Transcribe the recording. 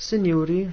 Signori,